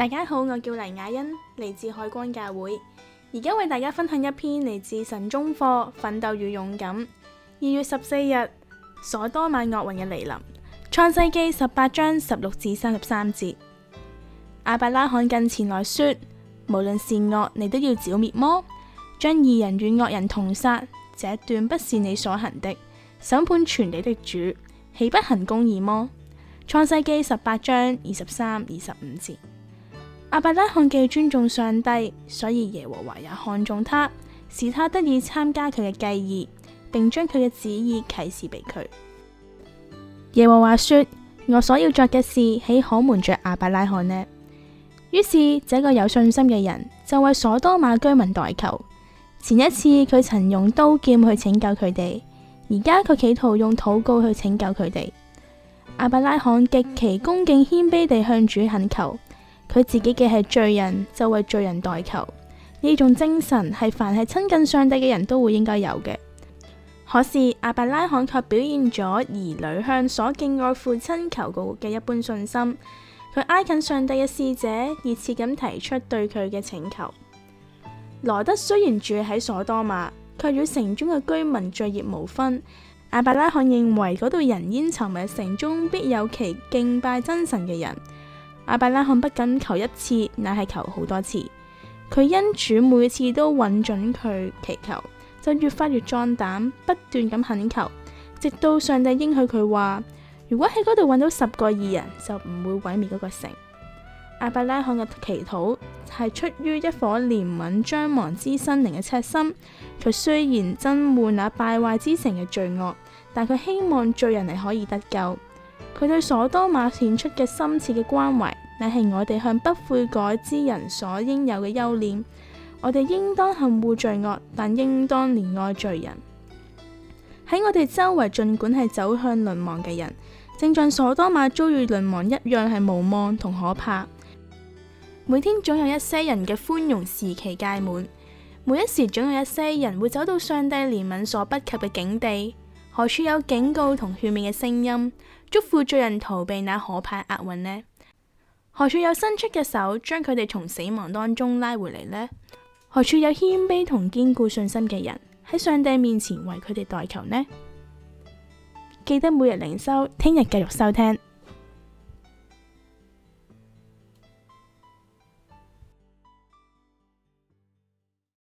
大家好，我叫黎雅欣，嚟自海關教會。而家為大家分享一篇嚟自神中課《奮鬥與勇敢》。二月十四日，所多瑪惡運嘅嚟臨，《創世紀》十八章十六至三十三節。阿伯拉罕近前來說：無論善惡，你都要剿滅魔，將義人與惡人同殺。這段不是你所行的，審判全地的主豈不行公義麼？《創世紀》十八章二十三、二十五節。阿伯拉罕既尊重上帝，所以耶和華也看重他，使他得以參加佢嘅計議，並將佢嘅旨意啟示俾佢。耶和華說：我所要作嘅事豈可瞞着阿伯拉罕呢？於是，這個有信心嘅人就為所多瑪居民代求。前一次佢曾用刀劍去拯救佢哋，而家佢企圖用禱告去拯救佢哋。阿伯拉罕極其恭敬謙卑地向主懇求。佢自己嘅係罪人，就為罪人代求，呢種精神係凡係親近上帝嘅人都會應該有嘅。可是亞伯拉罕卻表現咗兒女向所敬愛父親求告嘅一般信心，佢挨近上帝嘅使者，熱切咁提出對佢嘅請求。羅得雖然住喺所多瑪，卻與城中嘅居民罪孽無分。亞伯拉罕認為嗰度人煙稠密，城中必有其敬拜真神嘅人。阿伯拉罕不僅求一次，乃係求好多次。佢因主每次都揾准佢祈求，就越發越壯膽，不斷咁懇求，直到上帝應許佢話：如果喺嗰度揾到十個義人，就唔會毀滅嗰個城。阿伯拉罕嘅祈禱係出於一顆憐憫將亡之心靈嘅赤心。佢雖然憎惡那敗壞之城嘅罪惡，但佢希望罪人係可以得救。佢對所多瑪顯出嘅深切嘅關懷，乃係我哋向不悔改之人所應有嘅憂念。我哋應當恨惡罪惡，但應當憐愛罪人。喺我哋周圍，儘管係走向淪亡嘅人，正像所多瑪遭遇淪亡一樣，係無望同可怕。每天總有一些人嘅寬容時期屆滿，每一時總有一些人會走到上帝憐憫所不及嘅境地。何處有警告同勸勉嘅聲音，祝福罪人逃避那可怕厄運呢？何處有伸出嘅手，將佢哋從死亡當中拉回嚟呢？何處有謙卑同堅固信心嘅人，喺上帝面前為佢哋代求呢？記得每日靈修，聽日繼續收聽。